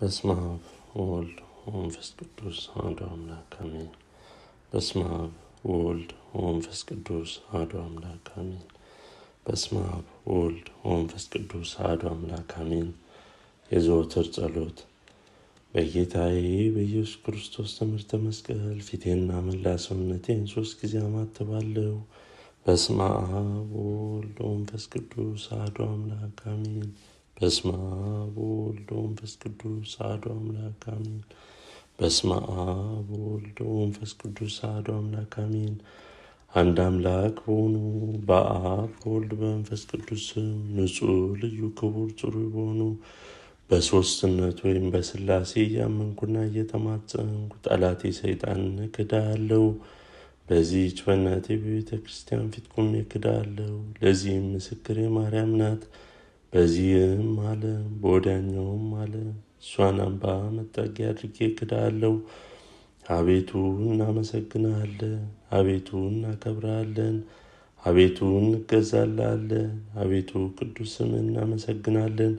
በስመ አብ ወወልድ ወመንፈስ ቅዱስ አሐዱ አምላክ አሜን። በስመ አብ ወወልድ ወመንፈስ ቅዱስ አሐዱ አምላክ አሜን። በስመ አብ ወወልድ ወመንፈስ ቅዱስ አሐዱ አምላክ አሜን። የዘወትር ጸሎት በጌታዬ በኢየሱስ ክርስቶስ ትምህርተ መስቀል ፊቴና መላ ሰውነቴን ሶስት ጊዜ አማትባለሁ። በስመ አብ ወወልድ ወመንፈስ ቅዱስ አሐዱ አምላክ አሜን። በስመ አብ ወወልድ ወመንፈስ ቅዱስ አሐዱ አምላክ አሜን። በስመ አብ ወወልድ ወመንፈስ ቅዱስ አሐዱ አምላክ አሜን። አንድ አምላክ በሆኑ በአብ በወልድ በመንፈስ ቅዱስም ንጹሕ ልዩ ክቡር ጽሩይ በሆኑ በሦስትነት ወይም በስላሴ እያመንኩና እየተማጸንኩ ጠላቴ ሰይጣን እክዳለሁ። በዚህች በእናቴ በቤተ ክርስቲያን ፊት ቆሜ እክዳለሁ። ለዚህም ምስክሬ ማርያም ናት። በዚህም አለ በወዲያኛውም አለ እሷን አምባ መጠጊያ አድርጌ ክዳለው። አቤቱ እናመሰግናለን አቤቱ እናከብራለን፣ አቤቱ እንገዛልሃለን፣ አቤቱ ቅዱስ እናመሰግናለን።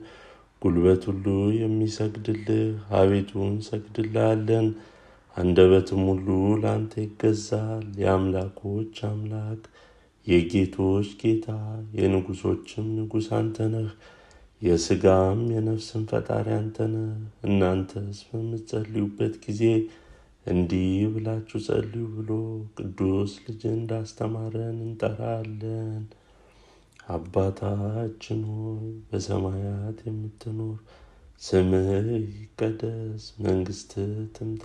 ጉልበት ሁሉ የሚሰግድልህ አቤቱ እንሰግድልሃለን፣ አንደበትም ሁሉ ለአንተ ይገዛል። የአምላኮች አምላክ የጌቶች ጌታ የንጉሶችም ንጉሥ አንተ ነህ፣ የሥጋም የነፍስም ፈጣሪ አንተ ነህ። እናንተስ በምትጸልዩበት ጊዜ እንዲህ ብላችሁ ጸልዩ ብሎ ቅዱስ ልጅ እንዳስተማረን እንጠራለን። አባታችን ሆይ በሰማያት የምትኖር ስምህ ይቀደስ፣ መንግሥት ትምጣ፣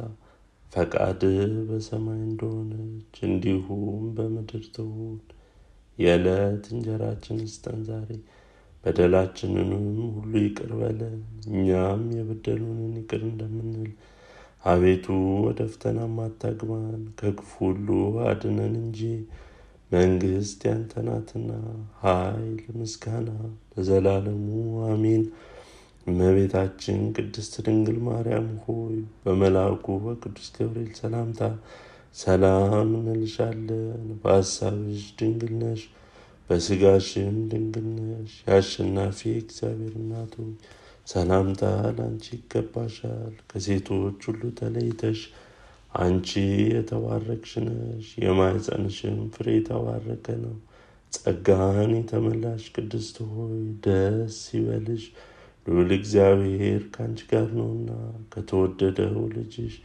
ፈቃድህ በሰማይ እንደሆነች እንዲሁም በምድር ትሁን የዕለት እንጀራችን ስጠን ዛሬ፣ በደላችንንም ሁሉ ይቅር በለን እኛም የበደሉንን ይቅር እንደምንል፣ አቤቱ ወደ ፈተና አታግባን ከክፉ ሁሉ አድነን እንጂ መንግሥት ያንተ ናትና፣ ኃይል፣ ምስጋና ለዘላለሙ አሜን። እመቤታችን ቅድስት ድንግል ማርያም ሆይ በመልአኩ በቅዱስ ገብርኤል ሰላምታ ሰላም እንልሻለን። በሀሳብሽ ድንግል ነሽ፣ በስጋሽም ድንግል ነሽ። የአሸናፊ እግዚአብሔር እናቱ ሰላምታ ለአንቺ ይገባሻል። ከሴቶች ሁሉ ተለይተሽ አንቺ የተባረክሽ ነሽ፣ የማኅፀንሽም ፍሬ የተባረከ ነው። ጸጋን የተመላሽ ቅድስት ሆይ ደስ ይበልሽ፣ ልዑል እግዚአብሔር ከአንቺ ጋር ነውና ከተወደደው ልጅሽ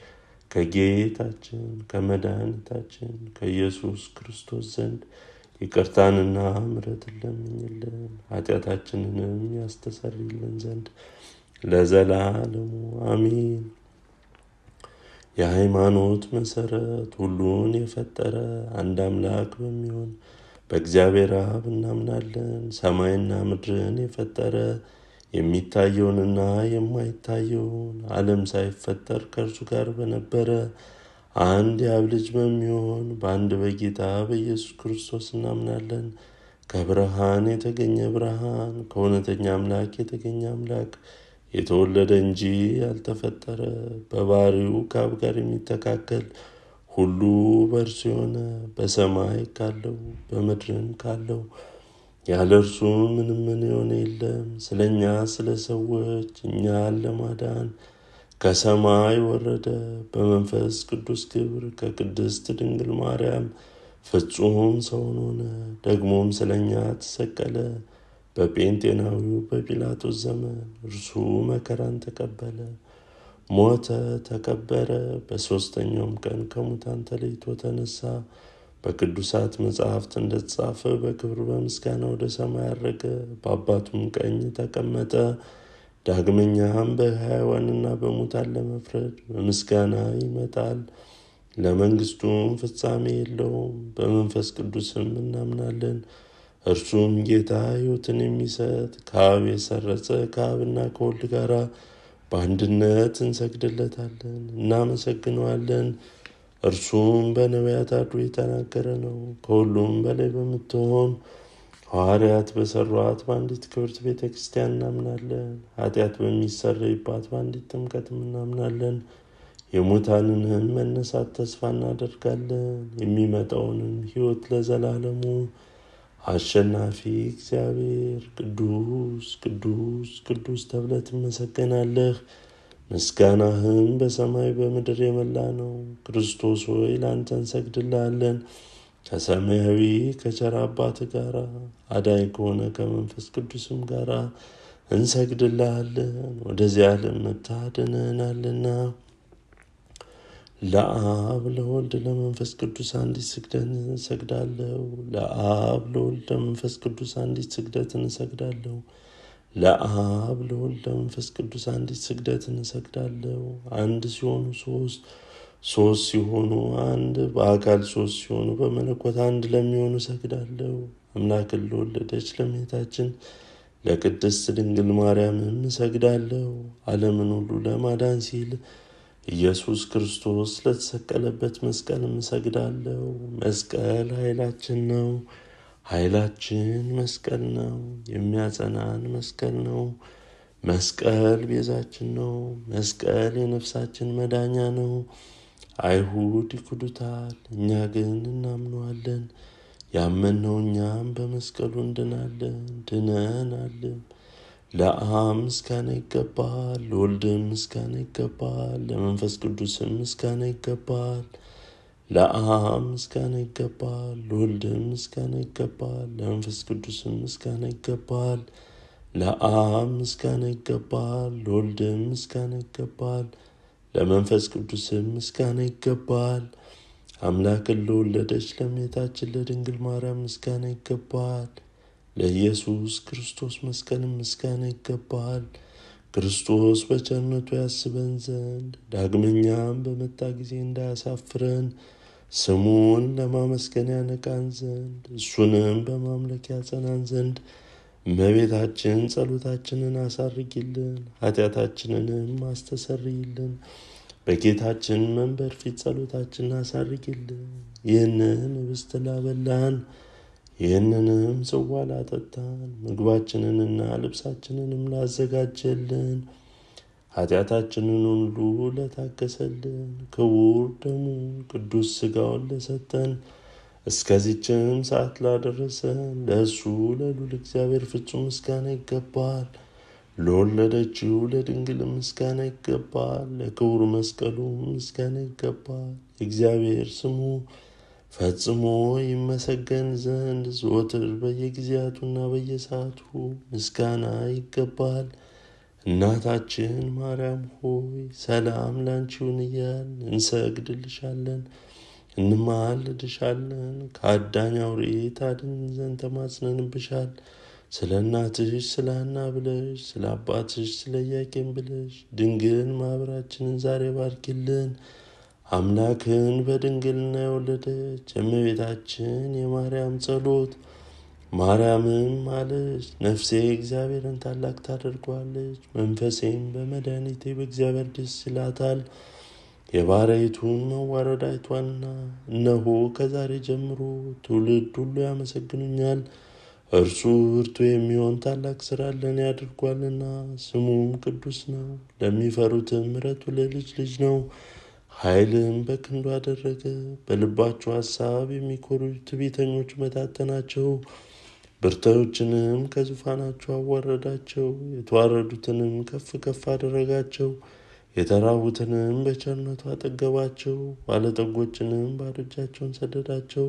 ከጌታችን ከመድኃኒታችን ከኢየሱስ ክርስቶስ ዘንድ ይቅርታንና ምረትን ለምኝልን ኃጢአታችንንም ያስተሰርይልን ዘንድ ለዘላለሙ አሚን። የሃይማኖት መሰረት ሁሉን የፈጠረ አንድ አምላክ በሚሆን በእግዚአብሔር አብ እናምናለን። ሰማይና ምድርን የፈጠረ የሚታየውንና የማይታየውን ዓለም ሳይፈጠር ከእርሱ ጋር በነበረ አንድ የአብ ልጅ በሚሆን በአንድ በጌታ በኢየሱስ ክርስቶስ እናምናለን። ከብርሃን የተገኘ ብርሃን፣ ከእውነተኛ አምላክ የተገኘ አምላክ፣ የተወለደ እንጂ ያልተፈጠረ፣ በባህሪው ከአብ ጋር የሚተካከል ሁሉ በእርሱ የሆነ በሰማይ ካለው በምድርም ካለው ያለ እርሱ ምንም ምን የሆነ የለም። ስለ እኛ ስለ ሰዎች እኛን ለማዳን ከሰማይ ወረደ። በመንፈስ ቅዱስ ግብር ከቅድስት ድንግል ማርያም ፍጹም ሰውን ሆነ። ደግሞም ስለ እኛ ተሰቀለ። በጴንጤናዊው በጲላጦስ ዘመን እርሱ መከራን ተቀበለ፣ ሞተ፣ ተቀበረ። በሦስተኛውም ቀን ከሙታን ተለይቶ ተነሳ። በቅዱሳት መጽሐፍት እንደተጻፈ በክብር በምስጋና ወደ ሰማይ አረገ፣ በአባቱም ቀኝ ተቀመጠ። ዳግመኛም በሕያዋንና በሙታን ለመፍረድ በምስጋና ይመጣል። ለመንግሥቱም ፍጻሜ የለውም። በመንፈስ ቅዱስም እናምናለን። እርሱም ጌታ ሕይወትን የሚሰጥ ከአብ የሰረጸ ከአብና ከወልድ ጋር በአንድነት እንሰግድለታለን፣ እናመሰግነዋለን። እርሱም በነቢያት አድሮ የተናገረ ነው። ከሁሉም በላይ በምትሆን ሐዋርያት በሰሯት በአንዲት ክብርት ቤተ ክርስቲያን እናምናለን። ኃጢአት በሚሰረይባት በአንዲት ጥምቀትም እናምናለን። የሙታንንም መነሳት ተስፋ እናደርጋለን። የሚመጣውንም ሕይወት ለዘላለሙ አሸናፊ እግዚአብሔር ቅዱስ ቅዱስ ቅዱስ ተብለህ ትመሰገናለህ። ምስጋናህም በሰማይ በምድር የመላ ነው። ክርስቶስ ሆይ ለአንተ እንሰግድልሃለን ከሰማያዊ ከቸራ አባት ጋር አዳኝ ከሆነ ከመንፈስ ቅዱስም ጋር እንሰግድልሃለን። ወደዚህ ዓለም መታደንህናልና። ለአብ ለወልድ ለመንፈስ ቅዱስ አንዲት ስግደት እንሰግዳለሁ። ለአብ ለወልድ ለመንፈስ ቅዱስ አንዲት ስግደት እንሰግዳለሁ። ለአብ ለወልድ ለመንፈስ ቅዱስ አንዲት ስግደት እንሰግዳለው። አንድ ሲሆኑ ሶስት፣ ሶስት ሲሆኑ አንድ፣ በአካል ሶስት ሲሆኑ በመለኮት አንድ ለሚሆኑ እሰግዳለሁ። አምላክን ለወለደች ለእመቤታችን ለቅድስት ድንግል ማርያምም እሰግዳለሁ። ዓለምን ሁሉ ለማዳን ሲል ኢየሱስ ክርስቶስ ለተሰቀለበት መስቀልም እሰግዳለሁ። መስቀል ኃይላችን ነው። ኃይላችን መስቀል ነው። የሚያጸናን መስቀል ነው። መስቀል ቤዛችን ነው። መስቀል የነፍሳችን መዳኛ ነው። አይሁድ ይክዱታል፣ እኛ ግን እናምነዋለን። ያመንነው እኛም በመስቀሉ እንድናለን ድነናልም። ለአብ ምስጋና ይገባል፣ ለወልድም ምስጋና ይገባል፣ ለመንፈስ ቅዱስም ምስጋና ይገባል ለአብ ምስጋና ይገባል፣ ለወልድም ምስጋና ይገባል፣ ለመንፈስ ቅዱስም ምስጋና ይገባል። ለአብ ምስጋና ይገባል፣ ለወልድም ምስጋና ይገባል፣ ለመንፈስ ቅዱስም ምስጋና ይገባል። አምላክን ለወለደች ለእመቤታችን ለድንግል ማርያም ምስጋና ይገባል። ለኢየሱስ ክርስቶስ መስቀልም ምስጋና ይገባል። ክርስቶስ በቸርነቱ ያስበን ዘንድ ዳግመኛም በመጣ ጊዜ እንዳያሳፍረን ስሙን ለማመስገን ያነቃን ዘንድ እሱንም በማምለክ ያጸናን ዘንድ መቤታችን ጸሎታችንን አሳርጊልን፣ ኃጢአታችንንም አስተሰርይልን። በጌታችን መንበር ፊት ጸሎታችንን አሳርጊልን። ይህንን ህብስት ላበላን፣ ይህንንም ጽዋ ላጠጣን፣ ምግባችንንና ልብሳችንንም ላዘጋጀልን ኃጢአታችንን ሁሉ ለታገሰልን ክቡር ደሙ ቅዱስ ሥጋውን ለሰጠን እስከዚችም ሰዓት ላደረሰን ለእሱ ለሉል እግዚአብሔር ፍጹም ምስጋና ይገባል። ለወለደችው ለድንግል ምስጋና ይገባል። ለክቡር መስቀሉ ምስጋና ይገባል። እግዚአብሔር ስሙ ፈጽሞ ይመሰገን ዘንድ ዘወትር በየጊዜያቱና በየሰዓቱ ምስጋና ይገባል። እናታችን ማርያም ሆይ ሰላም ላንቺውን እያል እንሰግድልሻለን፣ እንማልድሻለን። ከአዳኝ አውሬ ታድን ዘንድ ተማጽነንብሻል። ስለ እናትሽ ስለ ሐና ብለሽ ስለ አባትሽ ስለ ኢያቄም ብለሽ ድንግል ማኅበራችንን ዛሬ ባርኪልን። አምላክን በድንግልና የወለደች የእመቤታችን የማርያም ጸሎት ማርያምም አለች፣ ነፍሴ እግዚአብሔርን ታላቅ ታደርጓለች፣ መንፈሴም በመድኃኒቴ በእግዚአብሔር ደስ ይላታል። የባሪያይቱን መዋረድ አይቷና እነሆ ከዛሬ ጀምሮ ትውልድ ሁሉ ያመሰግኑኛል። እርሱ ብርቱ የሚሆን ታላቅ ሥራ ለእኔ ያደርጓልና፣ ስሙም ቅዱስ ነው። ለሚፈሩትም ምረቱ ለልጅ ልጅ ነው። ኃይልም በክንዱ አደረገ። በልባቸው ሐሳብ የሚኮሩ ትዕቢተኞች መታተናቸው። ብርታዮችንም ከዙፋናቸው አዋረዳቸው፣ የተዋረዱትንም ከፍ ከፍ አደረጋቸው። የተራቡትንም በቸርነቱ አጠገባቸው፣ ባለጠጎችንም ባዶ እጃቸውን ሰደዳቸው።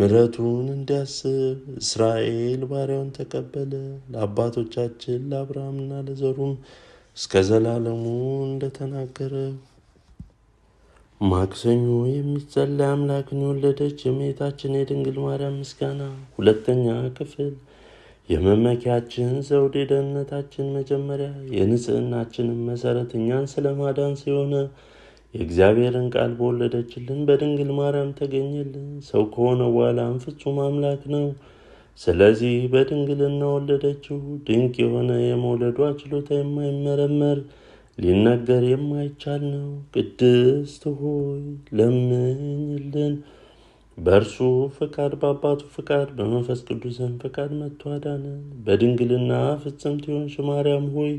ምረቱን እንዲያስብ እስራኤል ባሪያውን ተቀበለ። ለአባቶቻችን ለአብርሃምና ለዘሩም እስከ ዘላለሙ እንደተናገረ ማክሰኞ የሚጸለይ አምላክን የወለደች የእመቤታችን የድንግል ማርያም ምስጋና ሁለተኛ ክፍል። የመመኪያችን ዘውድ የደህንነታችን መጀመሪያ የንጽህናችንን መሰረት እኛን ስለ ማዳን ሲሆነ የእግዚአብሔርን ቃል በወለደችልን በድንግል ማርያም ተገኘልን። ሰው ከሆነ በኋላም ፍጹም አምላክ ነው። ስለዚህ በድንግልና ወለደችው። ድንቅ የሆነ የመውለዷ ችሎታ የማይመረመር ሊነገር የማይቻል ነው። ቅድስት ሆይ ለምኝልን። በእርሱ ፍቃድ፣ በአባቱ ፍቃድ፣ በመንፈስ ቅዱስን ፍቃድ መጥቶ አዳነን። በድንግልና ፍጽምት የሆንሽ ማርያም ሆይ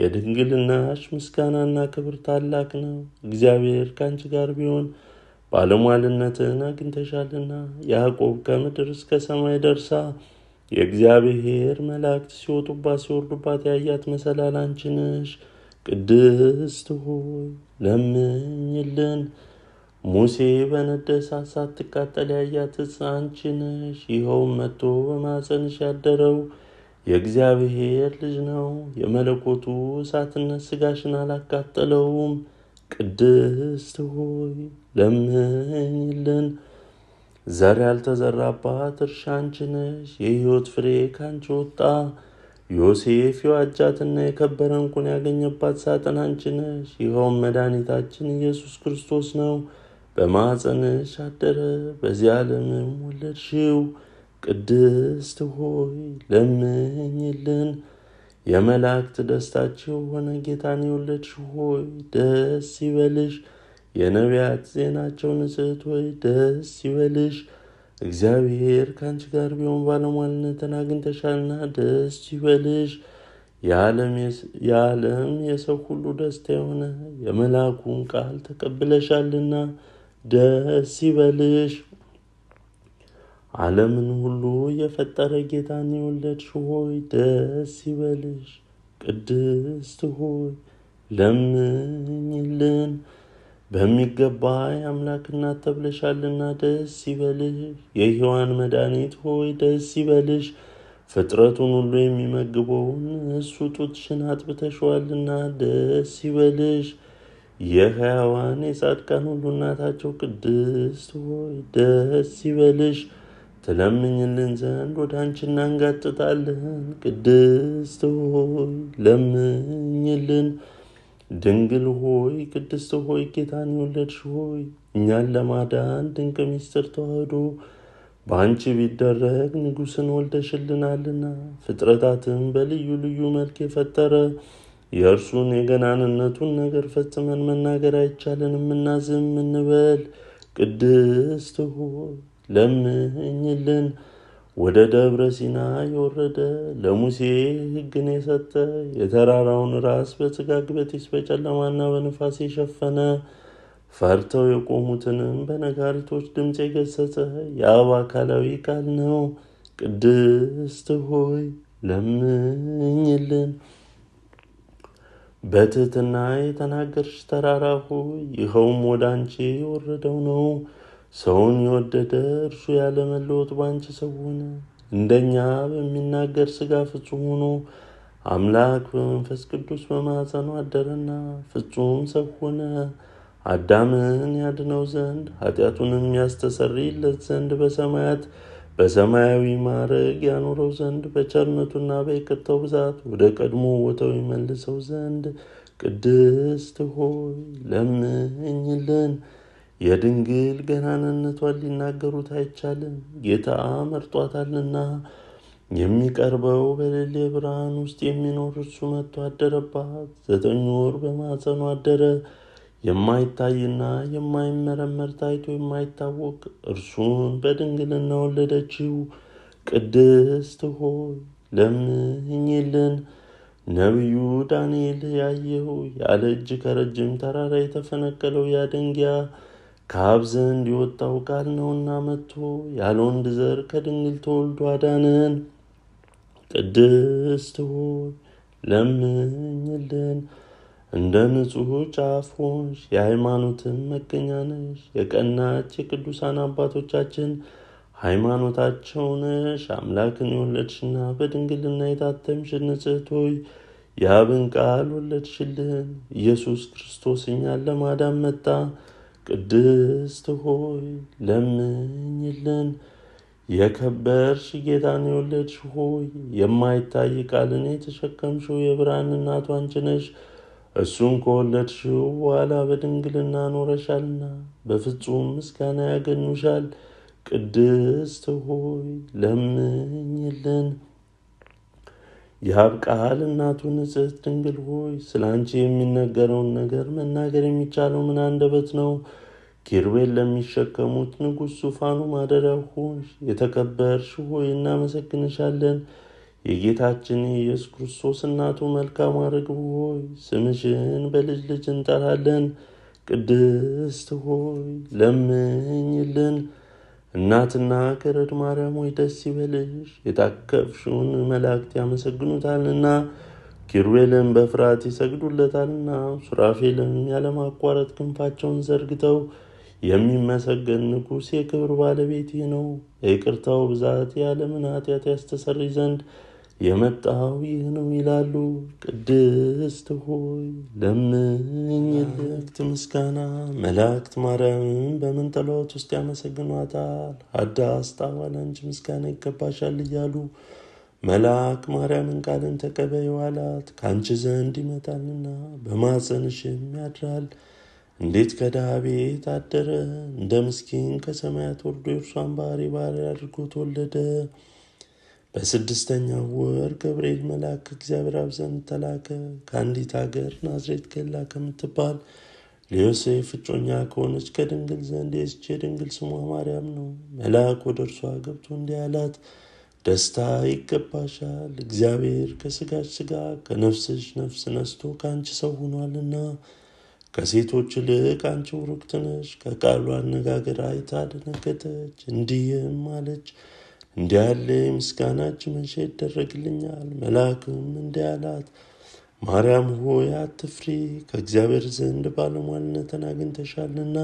የድንግልናሽ ምስጋናና ክብር ታላቅ ነው። እግዚአብሔር ከአንቺ ጋር ቢሆን ባለሟልነትን አግኝተሻልና። ያዕቆብ ከምድር እስከ ሰማይ ደርሳ የእግዚአብሔር መላእክት ሲወጡባት ሲወርዱባት ያያት መሰላል አንቺ ነሽ። ቅድስት ሆይ ለምኝልን። ሙሴ በነደሳት ሳትቃጠል ያያትስ አንቺ ነሽ። ይኸውም መጥቶ በማፀንሽ ያደረው የእግዚአብሔር ልጅ ነው። የመለኮቱ እሳትነት ስጋሽን አላቃጠለውም። ቅድስት ሆይ ለምኝልን። ዘር ያልተዘራባት እርሻ አንቺ ነሽ። የሕይወት ፍሬ ካንቺ ወጣ። ዮሴፍ የዋጃትና የከበረ እንኩን ያገኘባት ሳጥን አንቺ ነሽ። ይኸውም መድኃኒታችን ኢየሱስ ክርስቶስ ነው። በማፀንሽ አደረ፣ በዚህ ዓለምም ወለድሽው። ቅድስት ሆይ ለምኝልን። የመላእክት ደስታቸው ሆነ ጌታን የወለድሽ ሆይ ደስ ይበልሽ። የነቢያት ዜናቸው ንጽሕት ሆይ ደስ ይበልሽ። እግዚአብሔር ከአንቺ ጋር ቢሆን ባለሟልነትን አግኝተሻልና ደስ ይበልሽ። የዓለም የሰው ሁሉ ደስታ የሆነ የመልአኩን ቃል ተቀብለሻልና ደስ ይበልሽ። ዓለምን ሁሉ የፈጠረ ጌታን የወለድሽ ሆይ ደስ ይበልሽ። ቅድስት ሆይ ለምኝልን በሚገባ አምላክ እናት ተብለሻልና ደስ ይበልሽ። የሕያዋን መድኃኒት ሆይ ደስ ይበልሽ። ፍጥረቱን ሁሉ የሚመግበውን እሱ ጡትሽን አጥብተሸዋልና ደስ ይበልሽ። የሕያዋን የጻድቃን ሁሉ እናታቸው ቅድስት ሆይ ደስ ይበልሽ። ትለምኝልን ዘንድ ወደ አንቺ እናንጋጥጣለን። ቅድስት ሆይ ለምኝልን። ድንግል ሆይ ቅድስት ሆይ ጌታን የወለድሽ ሆይ እኛን ለማዳን ድንቅ ሚስጥር ተዋህዶ በአንቺ ቢደረግ ንጉሥን ወልደሽልናልና ፍጥረታትን በልዩ ልዩ መልክ የፈጠረ የእርሱን የገናንነቱን ነገር ፈጽመን መናገር አይቻለንም እና ዝም እንበል። ቅድስት ሆይ ለምኝልን። ወደ ደብረ ሲና የወረደ ለሙሴ ሕግን የሰጠ የተራራውን ራስ በጭጋግ በጢስ በጨለማና በንፋስ የሸፈነ ፈርተው የቆሙትንም በነጋሪቶች ድምፅ የገሰጸ የአብ አካላዊ ቃል ነው። ቅድስት ሆይ ለምኝልን። በትህትና የተናገርሽ ተራራ ሆይ ይኸውም ወደ አንቺ የወረደው ነው። ሰውን የወደደ እርሱ ያለመለወጥ ባንቺ ሰው ሆነ። እንደኛ በሚናገር ስጋ ፍጹም ሆኖ አምላክ በመንፈስ ቅዱስ በማዕፀኑ አደረና ፍጹም ሰው ሆነ። አዳምን ያድነው ዘንድ ኃጢአቱንም ያስተሰርይለት ዘንድ በሰማያት በሰማያዊ ማዕረግ ያኖረው ዘንድ በቸርነቱና በይቅርታው ብዛት ወደ ቀድሞ ቦታው ይመልሰው ዘንድ ቅድስት ሆይ ለምኝልን። የድንግል ገናንነቷን ሊናገሩት አይቻልም። ጌታ መርጧታልና የሚቀርበው በሌሌ ብርሃን ውስጥ የሚኖር እርሱ መጥቶ አደረባት። ዘጠኝ ወር በማኅፀኗ አደረ። የማይታይና የማይመረመር ታይቶ የማይታወቅ እርሱን በድንግልና ወለደችው። ቅድስት ሆይ ለምኝልን። ነቢዩ ዳንኤል ያየው ያለ እጅ ከረጅም ተራራ የተፈነቀለው ያ ከአብ ዘንድ የወጣው ቃል ነውና መጥቶ ያለ ወንድ ዘር ከድንግል ተወልዶ አዳነን። ቅድስት ሆይ ለምኝልን። እንደ ንጹሕ ጫፍ ሆንሽ፣ የሃይማኖትን መገኛ ነሽ። የቀናች የቅዱሳን አባቶቻችን ሃይማኖታቸው ነሽ። አምላክን የወለድሽና በድንግልና የታተምሽ ንጽሕት ሆይ የአብን ቃል ወለድሽልን። ኢየሱስ ክርስቶስ እኛን ለማዳን መጣ። ቅድስት ሆይ ለምኝልን። የከበርሽ ጌታን የወለድሽ ሆይ የማይታይ ቃልን የተሸከምሽው የብርሃን እናቱ አንቺ ነሽ። እሱን ከወለድሽው በኋላ በድንግልና ኖረሻልና በፍጹም ምስጋና ያገኙሻል። ቅድስት ሆይ ለምኝልን። የሀብ ቃል እናቱ ንጽሕት ድንግል ሆይ ስለ አንቺ የሚነገረውን ነገር መናገር የሚቻለው ምን አንደበት ነው? ኪሩቤል ለሚሸከሙት ንጉሥ ዙፋኑ ማደሪያ ሆይ የተከበርሽ ሆይ እናመሰግንሻለን። የጌታችን የኢየሱስ ክርስቶስ እናቱ መልካም ርግብ ሆይ ስምሽን በልጅ ልጅ እንጠራለን። ቅድስት ሆይ ለምኝልን እናትና ከረድ ማርያም ሆይ ደስ ይበልሽ፣ የታቀፍሽውን መላእክት ያመሰግኑታልና፣ ኪሩቤልም በፍርሃት ይሰግዱለታልና፣ ሱራፌልም ያለማቋረጥ ክንፋቸውን ዘርግተው የሚመሰገን ንጉሥ የክብር ባለቤት ነው። የቅርታው ብዛት የዓለምን ኃጢአት ያስተሰርይ ዘንድ የመጣው ይህ ነው ይላሉ። ቅድስት ሆይ ለምኝልክት ምስጋና መላእክት ማርያምን በምን ጠሎት ውስጥ ያመሰግኗታል። አዳስታ ዋላንቺ ምስጋና ይገባሻል እያሉ መልአክ ማርያምን ቃልን ተቀበ ዋላት ከአንቺ ዘንድ ይመጣልና በማፀንሽም ያድራል። እንዴት ከድሃ ቤት አደረ እንደ ምስኪን ከሰማያት ወርዶ የእርሷን ባህሪ ባህሪ አድርጎ ተወለደ። በስድስተኛው ወር ገብርኤል መልአክ እግዚአብሔር አብ ዘንድ ተላከ ከአንዲት አገር ናዝሬት ገላ ከምትባል ለዮሴፍ እጮኛ ከሆነች ከድንግል ዘንድ የስቼ የድንግል ስሟ ማርያም ነው። መልአክ ወደ እርሷ ገብቶ እንዲህ አላት፣ ደስታ ይገባሻል፣ እግዚአብሔር ከስጋች ስጋ፣ ከነፍስሽ ነፍስ ነስቶ ከአንቺ ሰው ሆኗልና ከሴቶች ይልቅ አንቺ ቡርክት ነሽ። ከቃሉ አነጋገር አይታ ደነገጠች፣ እንዲህም አለች እንዲያለ ምስጋናች መቼ ይደረግልኛል? መልአክም እንዲህ ማርያም ሆይ አትፍሪ፣ ከእግዚአብሔር ዘንድ ባለሟልነትን አግኝተሻልና።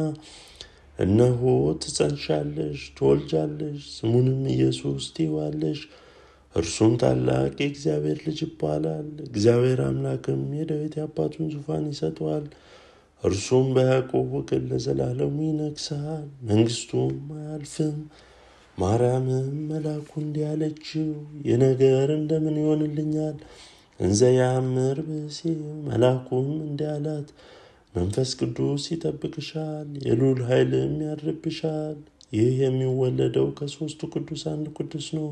እነሆ ትጸንሻለሽ፣ ትወልጃለሽ፣ ስሙንም ኢየሱስ ትይዋለሽ። እርሱም ታላቅ የእግዚአብሔር ልጅ ይባላል። እግዚአብሔር አምላክም የዳዊት አባቱን ዙፋን ይሰጠዋል። እርሱም በያዕቆብ ወገን ለዘላለሙ ይነግሣል፣ መንግሥቱም አያልፍም። ማርያምም መላኩ እንዲያለችው አለችው፣ እንደምን ይሆንልኛል? እንዘ ያምር ብእሲ። መላኩም እንዲህ አላት፣ መንፈስ ቅዱስ ይጠብቅሻል፣ የሉል ኃይልም ያድርብሻል። ይህ የሚወለደው ከሦስቱ ቅዱስ አንድ ቅዱስ ነው።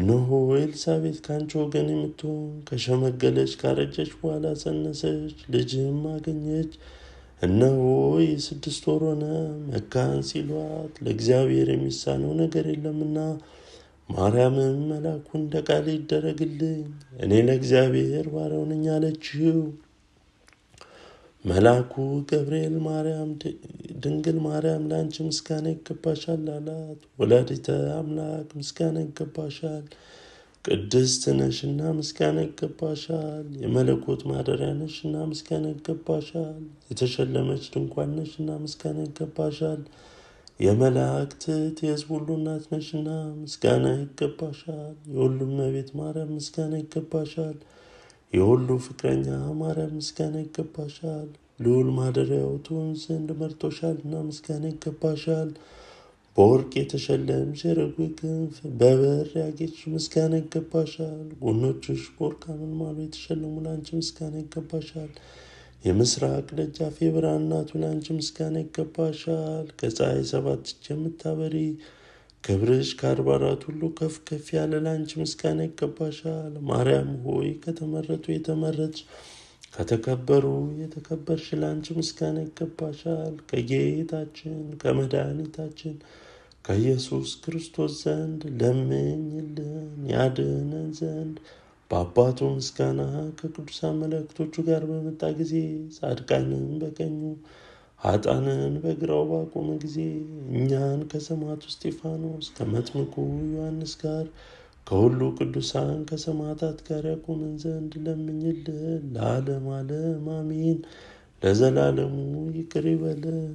እነሆ ኤልሳቤት ከአንቺ ወገን የምትሆን ከሸመገለች ካረጀች በኋላ ጸነሰች፣ ልጅም አገኘች። እነሆ የስድስት ወር ሆነ መካን ሲሏት ለእግዚአብሔር የሚሳነው ነገር የለምና ማርያምም መልአኩ እንደ ቃል ይደረግልኝ እኔ ለእግዚአብሔር ባሪያው ነኝ አለችው። መልአኩ ገብርኤል ማርያም ድንግል ማርያም ለአንቺ ምስጋና ይገባሻል አላት። ወላዲተ አምላክ ምስጋና ይገባሻል ቅድስት ነሽና ምስጋና ይገባሻል። የመለኮት ማደሪያ ነሽና ምስጋና ይገባሻል። የተሸለመች ድንኳን ነሽና ምስጋና ይገባሻል። የመላእክት የሕዝብ ሁሉ እናት ነሽና ምስጋና ይገባሻል። የሁሉም መቤት ማርያም ምስጋና ይገባሻል። የሁሉ ፍቅረኛ ማርያም ምስጋና ይገባሻል። ልዑል ማደሪያው ትሆን ዘንድ እና ምስጋና ይገባሻል። በወርቅ የተሸለምሽ የረጉ ክንፍ በበር ያጌጥሽ ምስጋና ይገባሻል። ጎኖችሽ በወርቅ ማሉ የተሸለሙ ለአንቺ ምስጋና ይገባሻል። የምስራቅ ደጃፍ የብርሃን እናቱ ለአንቺ ምስጋና ይገባሻል። ከፀሐይ ሰባት እጅ የምታበሪ ክብርሽ ከአድባራት ሁሉ ከፍ ከፍ ያለ ለአንቺ ምስጋና ይገባሻል። ማርያም ሆይ ከተመረጡ የተመረጥሽ ከተከበሩ የተከበርሽ ላንቺ ምስጋና ይገባሻል ከጌታችን ከመድኃኒታችን ከኢየሱስ ክርስቶስ ዘንድ ለምኝልን ያድነን ዘንድ በአባቱ ምስጋና ከቅዱሳን መላእክቶቹ ጋር በመጣ ጊዜ ጻድቃንን በቀኙ ሀጣንን በግራው ባቆመ ጊዜ እኛን ከሰማዕቱ እስጢፋኖስ ከመጥምቁ ዮሐንስ ጋር ከሁሉ ቅዱሳን ከሰማዕታት ጋር ያቆምን ዘንድ ለምኝልን። ለዓለም ዓለም አሜን። ለዘላለሙ ይቅር ይበለን።